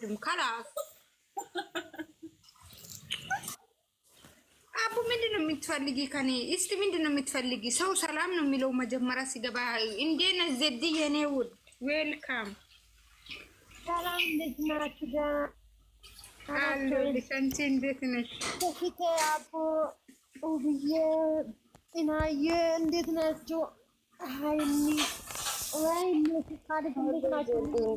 ድምካላ አቡ ምንድን ነው የምትፈልጊ? ከኔ እስቲ ምንድን ነው የምትፈልጊ? ሰው ሰላም ነው የሚለው መጀመሪያ ሲገባ። እንዴት ነህ ዘዲ? የኔ ውድ ዌልካም። ሰላም እንደት ናችሁ? አሎ ሊሰንቲ እንዴት ነሽ? ከፊቴ አቦ ውብዬ፣ ጥናዬ እንዴት ናቸው? ሀይኒ ወይ ነት እንዴት ናቸው?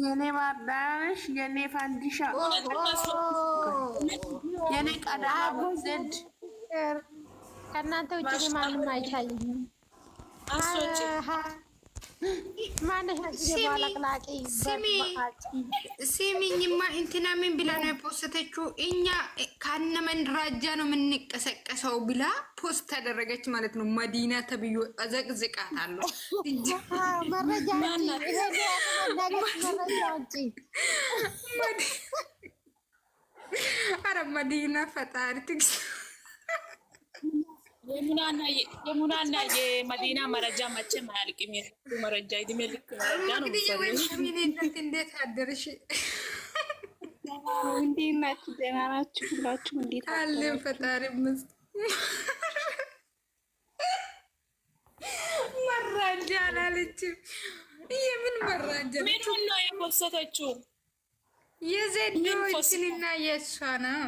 የኔ ማዳሽ የኔ ፋንዲሻ የኔ ቀዳሙ ዘድ ከእናንተ ውጭ ማንም አይቻልም። ስሚኝማ እንትና ምን ብላ ነው የፖስተችው? እኛ ከነ መንራጃ ነው የምንቀሰቀሰው ብላ ፖስት ታደረገች ማለት ነው። መዲና ተብዮ አዘቅዝቃታለሁ። ኧረ መዲና ፈጣሪ ትግስ የሙናና የመዲና መረጃ መቼም አያልቅም። መረጃ እድሜ ልክ መረጃ ነው። እንዴት አደርሽ? እንዴት ናችሁ? ደህና ናችሁ? ሁላችሁም እንዴት አለን? ፈጣሪ ይመስገን። መራጃ አላለችም። የምን መራጃ ምን ነው የኮሰተችው? የዘዶችንና የእሷ ነው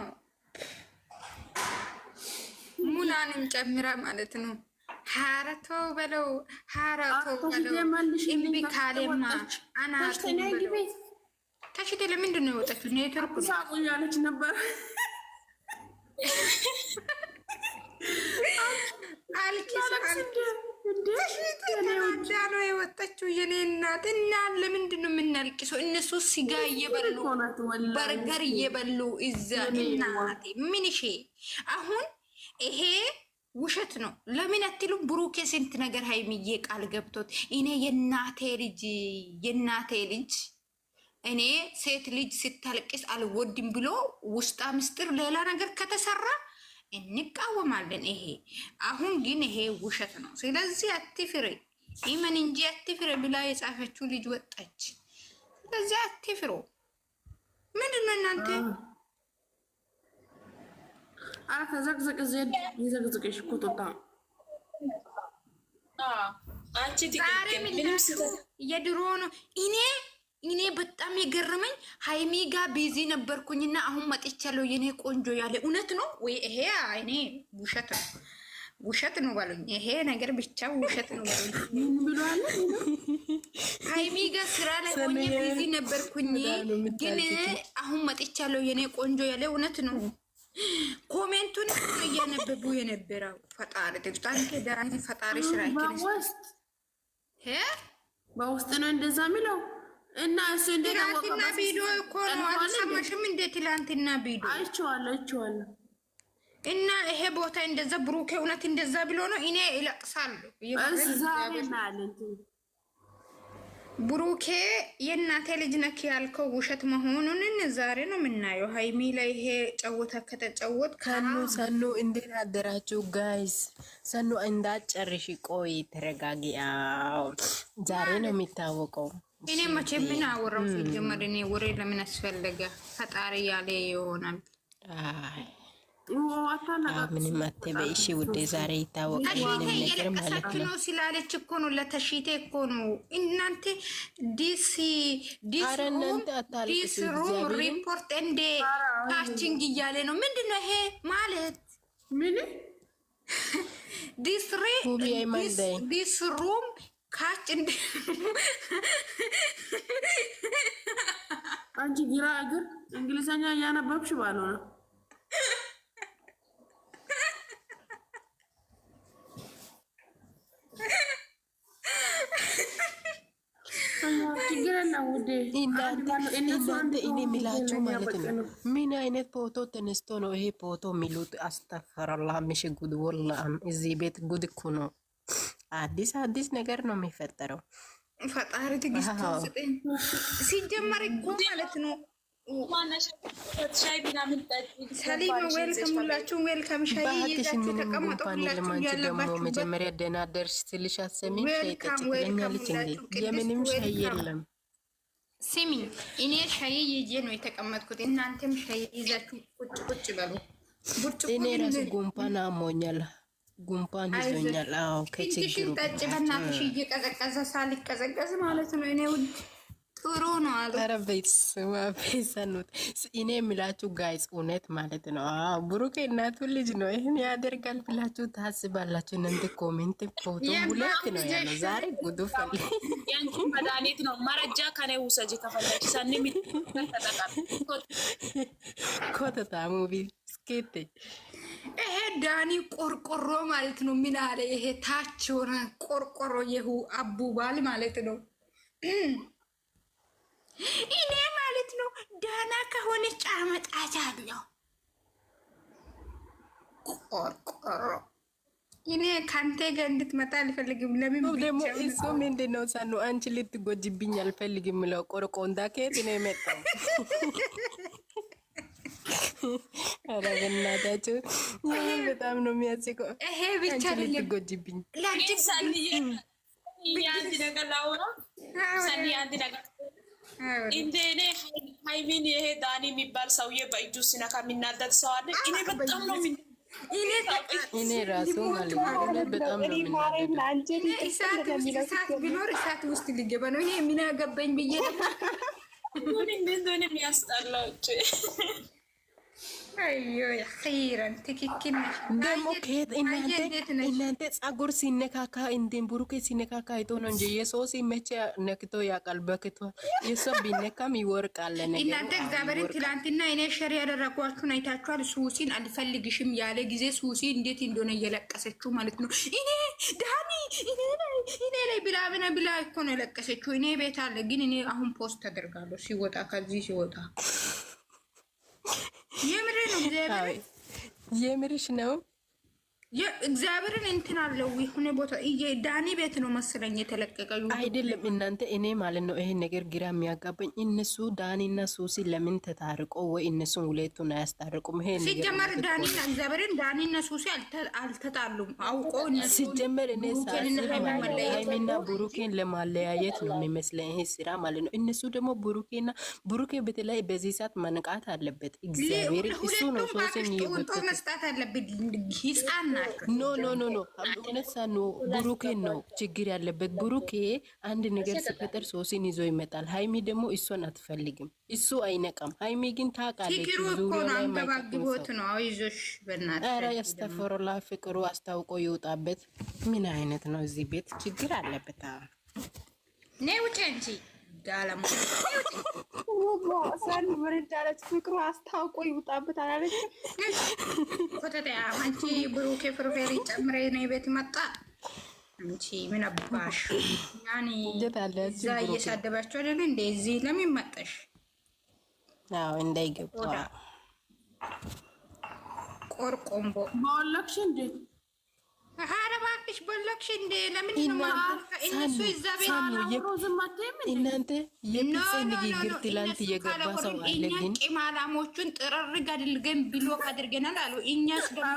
ሙላንም ጨምራ ማለት ነው። ሀረቶ በለው ሀረቶ በለው እምቢ ካሌማ አናቱ ለምንድን ነው የወጣችው? ኔትወርክ ሳቁ እያለች ነበር። አልኪሳልኪሳዳ ነው የወጣችው። የኔ እናት እና ለምንድን ነው የምናልቅሰው? እነሱ ስጋ እየበሉ በርገር እየበሉ እዛ እናቴ አሁን ይሄ ውሸት ነው። ለምን አትሉም? ብሩኬ ስንት ነገር ሀይሚዬ ቃል ገብቶት እኔ የናቴ ልጅ የናቴ ልጅ እኔ ሴት ልጅ ስታለቅስ አልወድም ብሎ ውስጣ ምስጢር ሌላ ነገር ከተሰራ እንቃወማለን። ይሄ አሁን ግን ይሄ ውሸት ነው። ስለዚህ አትፍሬ ኢመን እንጂ አትፍሬ ብላ የጻፈችው ልጅ ወጣች። ስለዚህ አትፍሮ ምንድን ነው እናንተ አረ ዘቅዘቅ ዜድ ይዘቅዝቅሽ እኮ ጦጣ የድሮ እኔ እኔ በጣም የገረመኝ ሀይሚ ጋ ቢዚ ነበርኩኝና አሁን መጥቻለሁ የኔ ቆንጆ ያለ እውነት ነው ወይ? ይሄ እኔ ውሸት ነው ውሸት ነው ባሉኝ። ይሄ ነገር ብቻ ውሸት ነው ባሉኝ። ሀይሚ ጋር ስራ ላይ ሆኜ ቢዚ ነበርኩኝ፣ ግን አሁን መጥቻለሁ የኔ ቆንጆ ያለ እውነት ነው። ኮሜንቱን እያነበቡ የነበረው ፈጣሪ ደራኒ ፈጣሪ ስራ በውስጥ ነው እንደዛ የሚለው እና እሱ ትላንትና ቢዶ እኮ ነው። አልሰማሽም እንዴ? ትላንትና ቢዶ አይቼዋለሁ፣ አይቼዋለሁ። እና ይሄ ቦታ እንደዛ ብሩኬ እውነት እንደዛ ብሎ ነው። እኔ ይለቅሳሉ እዛ ብሩኬ የእናቴ ልጅ ነክ ያልከው ውሸት መሆኑን ዛሬ ነው የምናየው። ሀይሚ ላይ ይሄ ጨውታ ከተጨወት ሰኑ ሰኑ፣ እንዴት አደራችሁ ጋይስ? ሰኑ እንዳጨርሽ ቆይ ተረጋጊ። ዛሬ ነው የሚታወቀው። እኔ መቼ ምን አወራው ሲጀመር፣ እኔ ወሬ ለምን አስፈለገ? ፈጣሪ ያለ ይሆናል። ምንም አትበይ እሺ ውዴ። ዛሬ ይታወቃል ነገር ማለት ነው ስላለች እኮ ነው ለተሽቴ እኮ ነው። እናንተ ዲስ ዲስ ሩም ሪፖርት እንዴ ታችንግ እያለ ነው። ምንድን ነው ይሄ ማለት? ምን ዲስ ሩም ካች እንደ አንቺ ግራ እግር እንግሊዘኛ እያነበብሽ ባልሆነ እኔ የሚላችሁ ማለት ነው። ምን አይነት ፎቶ ተነስቶ ነው ይሄ ፎቶ የሚሉት? አስተፈረላ ምሽ ጉድ ወላም እዚህ ቤት ጉድ እኮ ነው። አዲስ አዲስ ነገር ነው የሚፈጠረው። ፈጣሪ ትግስት ሲጀመር እኮ ማለት ነው ሰሊማ ዌልከም፣ ሁላችሁም ዌልከም። ሻይ ይዛችሁ ተቀመጡ። መጀመሪያ ደህና ደርሽ ትልሽ አሰሚኝ። ሻይ ተጨቅለኛለች እንዴ? የምንም ሻይ የለም። ስሚ፣ እኔ ሻይ ይዤ ነው የተቀመጥኩት። እናንተም ሻይ ይዛችሁ ቁጭ ቁጭ በሉ። እኔ ራሱ ጉንፋን አሞኛል፣ ጉንፋን ይዞኛል። ከችግሩ ጠጭ። በእናትሽ እየቀዘቀዘ ሳልቀዘቀዝ ማለት ነው እኔ ውድ ጥሩ ነው አሉ። ኧረ ቤተሰብ ቤተሰኑት እኔ የሚላችሁ ጋይስ እውነት ማለት ነው። አዎ እናቱ ልጅ ነው። ይህን ያደርጋል ብላችሁ ታስባላችሁ? እናንተ ኮሜንት ፎቶ ሁለት ነው ያለው። ዛሬ ጉዱ መድኃኒት ነው መረጃ ከኔ ውሰጅ ከፈለች ሰኒ ኮተታሙ ቢስኬት ይሄ ዳኒ ቆርቆሮ ማለት ነው። ምን አለ ይሄ ታች የሆነ ቆርቆሮ የሁ አቡባል ማለት ነው እኔ ማለት ነው ዳና ከሆነች አመጣታለሁ። ቆርቆሮ እኔ ከአንተ ጋር እንድትመጣ አልፈልግም። ለምን ደግሞ እሱ ምንድን ነው ሳኑ አንቺ ልትጎጅብኝ አልፈልግም ለው ቆርቆ እንዳከት ነው የመጣው። ኧረ በእናታችሁ በጣም ነው የሚያስቀው። ይሄ ብቻ ልትጎጅብኝ ለአንቺ ሳኒ አንድ ነገር ላውራ ሳኒ አንድ ነገር እንደኔ ሃይሚን ይሄ ዳኒ የሚባል ሰውዬ በእጁ ሲነካ የሚናደድ ሰው አለ። እኔ በጣም ነው እኔ ራሱ እሳት ቢኖር እሳት ውስጥ ሊገባ ነው። እኔ ምን አገባኝ ብዬ ምን እንደሆነ የሚያስጠላው እናንተ ጸጉር ሲነካካ እንዴን ብሩኬ ሲነካካ አይቶ ነው እንጂ የሰው ሲመቸ ነክቶ ያውቃል። በክቶ የሰው ቢነካም ይወርቃል። እናንተ እግዚአብሔርን ትላንትና እኔ ሸር ያደረጓችሁን አይታችኋል። ሱሲን አልፈልግሽም ያለ ጊዜ ሱሲ እንዴት እንደሆነ እየለቀሰችው ማለት ነው። እኔ ዳኒ እኔ ላይ ብላ ብና ብላ እኮ ነው የለቀሰችው። እኔ ቤት አለ ግን እኔ አሁን ፖስት ተደርጋለሁ ሲወጣ ከዚህ ሲወጣ የምርሽ ነው። እግዚአብሔርን እንትን አለው የሆነ ቦታ ዳኒ ቤት ነው መሰለኝ አይደለም። እናንተ እኔ ማለት ነው ይሄን ነገር ግራ የሚያጋባኝ እነሱ ዳኒና ሱሲ ለምን ተታርቆ ወይ እነሱን ሁለቱን አያስታርቁም? ይሄ ሲጀመር ዳኒና እግዚአብሔርን ዳኒና ሱሲ አልተጣሉም። አውቆ ሲጀመር እኔ ሳሚና ቡሩኬን ለማለያየት ነው የሚመስለ ይሄ ስራ ማለት ነው። እነሱ ደግሞ ቡሩኬና ቡሩኬ በተለይ በዚህ ሰዓት መንቃት አለበት እግዚአብሔር። እሱ ነው ሶሲን ይወጥ መስጣት አለበት ህፃና ኖ ኖ ኖ ኖ እነሳ ኖ ብሩኬ ነው ችግር ያለበት። ብሩኬ አንድ ነገር ሲፈጠር ሶሲን ይዞ ይመጣል። ሀይሚ ደግሞ እሷን አትፈልግም፣ እሱ አይነቃም። ሀይሚ ግን ታውቃለች። ኧረ ያስተፈሮላ ፍቅሩ አስታውቆ ይውጣበት። ምን አይነት ነው? እዚህ ቤት ችግር አለበት። ኔ ውጭ እንጂ ዳለሞሰን ምን እንዳለች ፍቅሩ አስታውቆ ይውጣበት አላለች። ኮተታ አንቺ ብሩኬ ፍርፌሪ ጨምሬ ነው ቤት መጣ። አንቺ ምን አባሽ ያኔ እዛ እየሳደባቸው አይደለ እንደ እዚህ ለምን መጣሽ? አዎ እንዳይገባ ቆርቆምቦ ማለክሽ እንዴ ኧረ እባክሽ በለቅሽ እንደ ለምን እናንተ የፒፄ ንግግር ትላንት እየገባ ሰው አለ። ግን ቅማላሞቹን ጥርርግ አድርገን ብሎክ አድርገናል አሉ። እኛስ ደሞ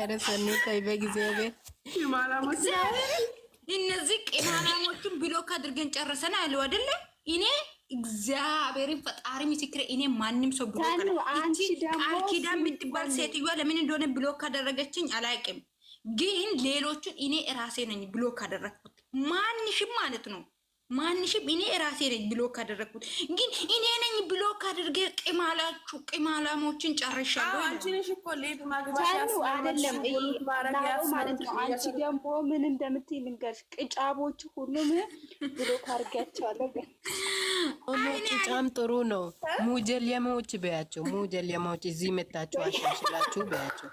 ኧረ ሰኒ ተይ እነዚህ ቅማላሞቹን ብሎክ አድርገን ጨርሰን አሉ አይደለ እኔ እግዚአብሔርን ፈጣሪ ምስክሬ፣ እኔ ማንም ሰው ብሎ ቃል ኪዳን የምትባል ሴትዮዋ ለምን እንደሆነ ብሎ ካደረገችኝ አላውቅም፣ ግን ሌሎቹን እኔ ራሴ ነኝ ብሎ ካደረግኩት ማንሽም ማለት ነው ማንሽም እኔ ራሴ ነኝ ብሎክ አደረግኩት። ግን እኔ ነኝ ብሎክ አድርጌ ቅማላችሁ ቅማላሞችን ጨርሻለሁ። አንቺንሽ አንቺ ደግሞ ምን እንደምትይ ልንገርሽ። ቅጫቦች ሁሉም ብሎክ አድርጊያቸዋለሁ። ቅጫም ጥሩ ነው። ሙጀልየሞች በያቸው፣ ሙጀልየሞች እዚህ መታቸው፣ አሻሽላችሁ በያቸው።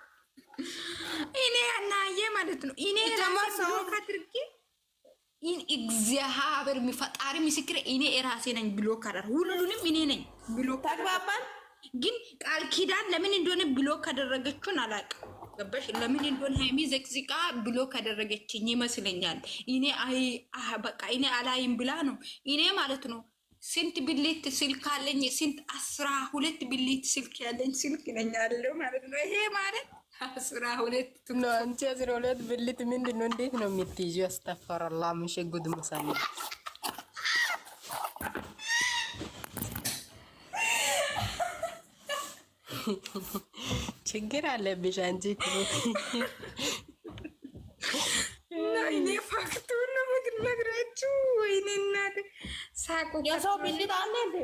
እኔ እናየ ማለት ነው እኔ ራሴ ብሎክ አድርጌ ይህን እግዚአብሔር ፈጣሪ ምስክር እኔ የራሴ ነኝ ብሎ ካዳር ሁሉንም እኔ ነኝ ብሎ ተግባባን። ግን ቃል ኪዳን ለምን እንደሆነ ብሎ ካደረገችውን አላቅም። ገባሽ? ለምን እንደሆነ ሀይሚ ዘቅዝቃ ብሎ ካደረገችኝ ይመስለኛል። እኔ በቃ እኔ አላይም ብላ ነው እኔ ማለት ነው። ስንት ብልት ስልክ አለኝ? ስንት አስራ ሁለት ብልት ስልክ ያለኝ ስልክ ነኛለሁ ማለት ነው። ይሄ ማለት አስራ ሁለት ነው። አንቺ አስራ ሁለት ብልት ምንድን ነው? እንዴት ነው የምትይዙ? ያስተፈራላ ምሽ ጉድ መሳለ ችግር አለብሽ አንቺ። እኔ ፋክቱን ነው የምነግራችሁ። ወይኔ እናቴ ሳቁ። የሰው ብልት አለ እንዴ?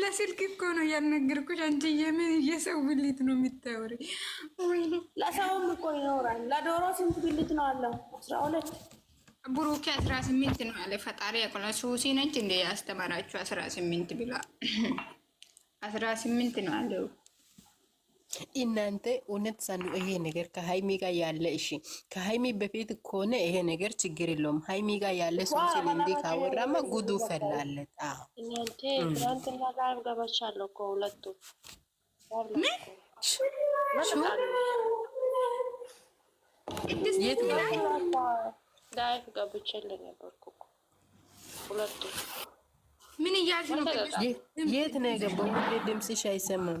ለስልክ እኮ ነው ያልነገርኩሽ። አንቺ የምን የሰው ብልት ነው የምታወሪ? ለሰውም እኮ ይኖራል። ለዶሮ ስንት ብልት ነው አለው? አስራ ሁለት ብሩኬ አስራ ስምንት ነው ያለ ፈጣሪ ያቆላ። ሱሲ ነች እንደ ያስተማራችሁ አስራ ስምንት ብላ አስራ ስምንት ነው አለው። እናንተ እውነት ሳኑ ይሄ ነገር ከሃይሚ ጋር ያለ እሺ፣ ከሃይሚ በፊት ከሆነ ይሄ ነገር ችግር የለውም። ሃይሚ ጋር ያለ ሶሲል እንዲ ካወራማ ጉዱ ፈላለት። አዎ ትናንትና ጋር ገባቻለሁ እኮ ሁለቱ ምን እያልሽ ነው? የት ነው የገባው? ድምፅሽ አይሰማም።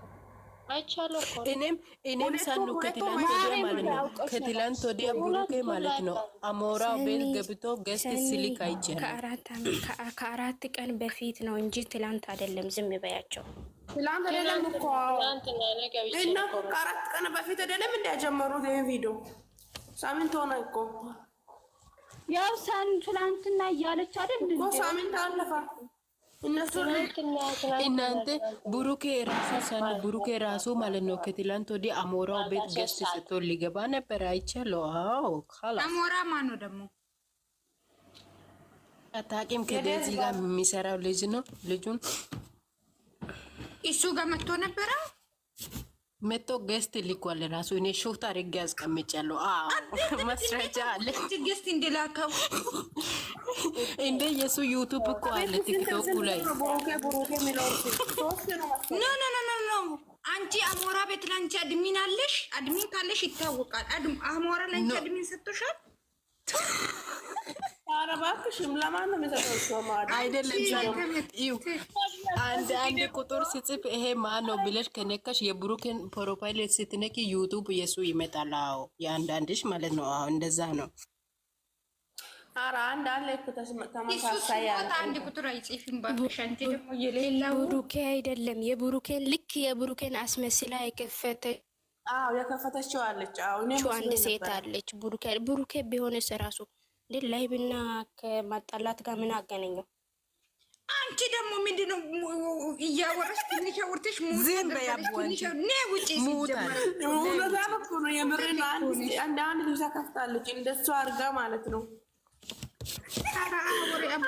አይቻለሁ። እኔም እኔም ሳኑ ከትላንት ወዲያ ማለት ነው ከትላንት ወዲያ ብሩኬ ማለት ነው አሞራው ቤት ገብቶ ገስት ሲልክ አይቻለሁ። ከአራት ቀን በፊት ነው እንጂ ትላንት አይደለም። ዝም በያቸው። ትላንት አይደለም እኮ እና ከአራት ቀን በፊት አይደለም እንዳያጀመሩት ይህ ቪዲዮ ሳምንት ሆነ እኮ ያው ሳን ትላንትና እያለች አይደል ሳምንት አለፋ እናንተ ብሩኬ ራሱ ሰን ብሩኬ ራሱ ማለት ነው። ከትላንት ወዲህ አሞራው ቤት ገስት ስቶ ሊገባ ነበር አይቻለሁ። አሞራ ማን ደግሞ አታቂም። ከዴዚ ጋር የሚሰራው ልጅ ነው። ልጁን እሱ ጋር መጥቶ ነበረ። መቶ ገስት ልኳል። ራሱ እኔ ሹፍት አድርጌ አስቀምጫለሁ። ማስረጃ አለ። ገስት እንደላከው እንደ የሱ ዩቱብ እኮ አለ፣ ቲክቶኩ ላይ ኖ ኖ ኖ ኖ ኖ። አንቺ አሞራ ቤት ላንቺ አድሚን አለሽ። አድሚን ካለሽ ይታወቃል። አድም አሞራ ላንቺ አድሚን ሰጥቶሻል። ኧረ እባክሽም አንድ ቁጥር ስጽፍ ይሄ ማን ነው ብለሽ ከነካሽ የብሩክን ፕሮፋይል ስትነኪ ዩቱብ የሱ ይመጣል። አዎ የአንዳንድሽ ማለት ነው። አዎ እንደዛ ነው። ኧረ አንድ አለ እኮ ተመሳሳይ አንድ ቁጥር አይጽፍም እባክሽ። አንቺ ደግሞ የሌላ ብሩኬ አይደለም የብሩኬን ልክ የብሩኬን አስመስላ የከፈተ አዎ የከፈተችው አለች። አዎ አንድ ሴት አለች ብሩኬ ብሩኬ ቢሆንስ ራሱ እንዴት ላይብና ከማጣላት ጋር ምን አገናኘው? አንቺ ደግሞ ምንድነው እያወራሽ? ትንሽ አውርተሽ ዝም በይ ውጪ። እውነቷን እኮ ነው የምር። አንድ አንድ ልብሳ ከፍታለች እንደሱ አድርጋ ማለት ነው። ደግሞ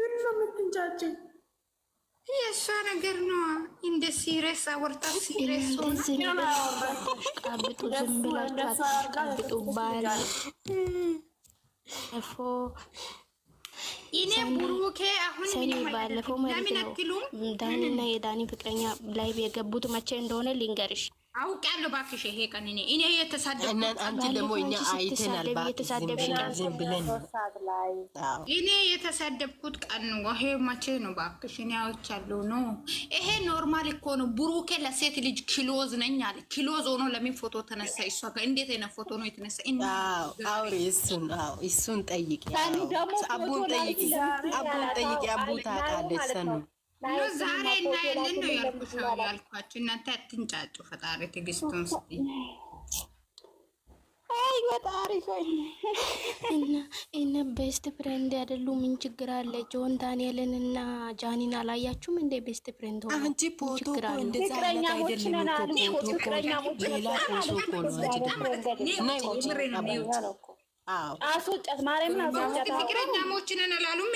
ምን ነው የምትንጫቸው? የእሷ ነገር ነው። እንደ ሲሬስ አወርታ ሲሬስ አሽቃብጡ፣ ዝም ብላችሁ አታሽቃብጡ። ባል እኔ ቡሩኬ አሁን ሰኔ ባለፈው ማለት ነው ዳኒና የዳኒ ፍቅረኛ ላይ የገቡት መቼ እንደሆነ ልንገርሽ አውቄያለሁ እባክሽ፣ ይሄ ቀን እኔ እኔ የተሳደብኩት አንቺ ደግሞ እኛ አይተናል። እኔ የተሳደብኩት ቀን ይሄ መቼ ነው? እባክሽ እኔ አውቄያለሁ። ነው ይሄ ኖርማል እኮ ነው። ብሩኬ ለሴት ልጅ ኪሎዝ ነኝ አለ። ኪሎዝ ሆኖ ለምን ፎቶ ተነሳ? እሷ ጋር እንዴት አይነት ፎቶ ነው የተነሳ? አውሪ እሱን፣ እሱን ጠይቂ፣ አቡን ጠይቂ፣ አቡን ጠይቂ። አቡ ታውቃለች ሰኑ ዛሬ እናያለን ነው ያልኩሽ ያልኳችሁ። እናንተ አትንጫጩ። ፈጣሪ ትዕግስቱን ስጥ። አይ ፈጣሪ እና እና ቤስት ፍሬንድ ያደሉ ምን ችግር አለ? ጆን ዳንኤልን እና ጃኒን አላያችሁም እንዴ? ቤስት ፍሬንድ ሆነ አንቺ ፖቶ ፍቅረኛሞች ፍቅረኛሞች ነን አላሉም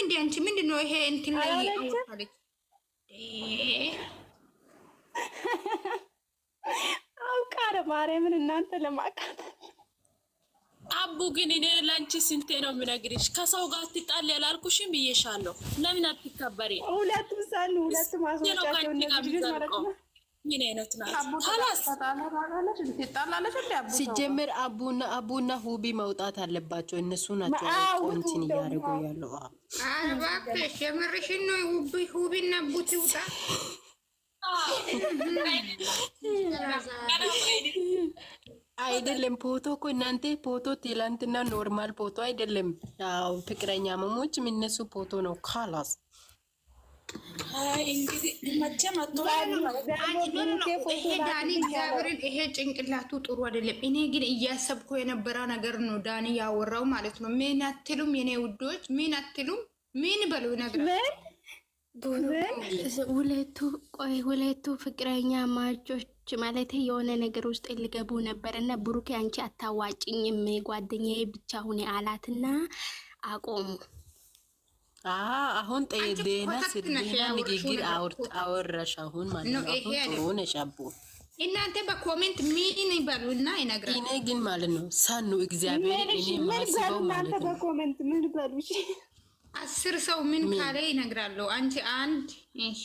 እንዴ? አንቺ ምንድን ነው ይሄ እንትን ላይ አውቃረ ማርያምን እናንተ ለማቃት አቡ ግን እኔ ለአንቺ ስንቴ ነው የምነግርሽ? ከሰው ጋር አትጣል ያላልኩሽም ብዬሻለሁ። ለምን አትከበሪ? ሁለቱም ሳሉ ሁለቱም አሶቻቸው ልጆች ማለት ነው ምን አይነት ናት? ሲጀምር አቡና አቡና ሁቢ መውጣት አለባቸው። እነሱ ናቸው እንትን እያደረጉ ያለው። እባክሽ የምርሽን ነው? ሁቢና ቡት ይውጣ። አይደለም ፎቶ እኮ እናንተ ፎቶ ትላንትና ኖርማል ፎቶ አይደለም። ያው ፍቅረኛ መሞች የሚነሱ ፎቶ ነው ካላስ እግዚአብሔርን ይሄ ጭንቅላቱ ጥሩ አይደለም። እኔ ግን እያሰብኩ የነበረው ነገር ነው። ዳኒ ያወራው ማለት ነው። ምን አትሉም? የኔ ውዶች ምን አትሉም? ምን በሉ ሁለቱ ቆይ ሁለቱ ፍቅረኛ ማቾች ማለት የሆነ ነገር ውስጥ ልገቡ ነበር እና ብሩክ አንቺ አታዋጭኝም ጓደኛዬ ብቻ ሁኔ አላትና አቆሙ። አሁን ጤና ስድና ንግግር አወራሽ። አሁን ማለት ጥሩ ነሽ አቦ። እናንተ በኮሜንት ሚን ይበሉና እና ይነግራል። እኔ ግን ማለት ነው ሳኑ እግዚአብሔር አስር ሰው ምን ካለ ይነግራለሁ። አንቺ አንድ እሺ።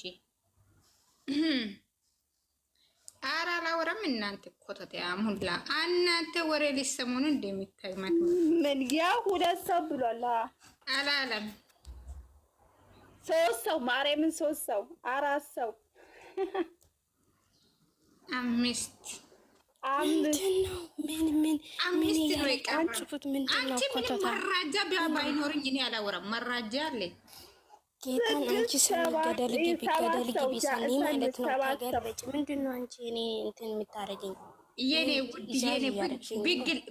ኧረ አላወራም። እናንተ ኮተት ያሙላ እናንተ ወሬ ሊሰሙን እንደሚታይ ማለት ነው ምን ያው ሁለት ሰው ብሏል አላለም ሶስት ሰው ማርያምን፣ ሶስት ሰው አራት ሰው አምስት ነው? ምን አንቺ ባይኖርኝ እኔ አላወራም። መራጃ አለኝ። ጌታን አንቺ ስንል ገደል ግቢ ማለት ነው። አንቺ እንትን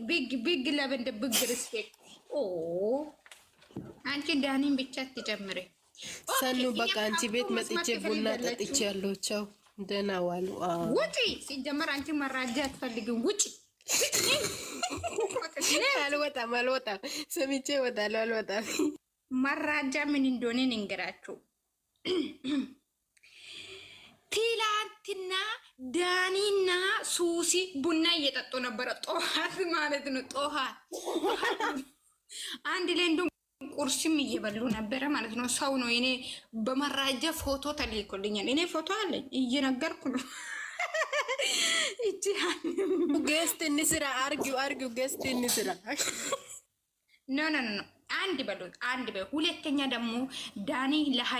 ቢግ ቢግ ሪስፔክት አንቺ ዳኒን ብቻ ትጀምረኝ ሰኑ በቃ አንቺ ቤት መጥቼ ቡና ጠጥቼ ያለው ቻው፣ ደህና ዋሉ። ውጪ ሲጀመር አንቺ መራጃ አትፈልግም። ውጪ አልወጣም፣ አልወጣም። ሰምቼ እወጣለሁ፣ አልወጣም። መራጃ ምን እንደሆነ ንገራችሁ። ትላንትና ዳኒና ሱሲ ቡና እየጠጡ ነበረ፣ ጠዋት ማለት ነው። ጠዋት አንድ ላይ እንደውም ቁርስም እየበሉ ነበረ ማለት ነው። ሰው ነው እኔ በመራጃ ፎቶ ተልኮልኛል። እኔ ፎቶ አለኝ እየነገርኩ ነው። ገስት እንስራ አርጊው አርጊው ገስት እንስራ ኖ ኖ ኖ አንድ በሉት አንድ በ ሁለተኛ ደግሞ ዳኒ ለሀይ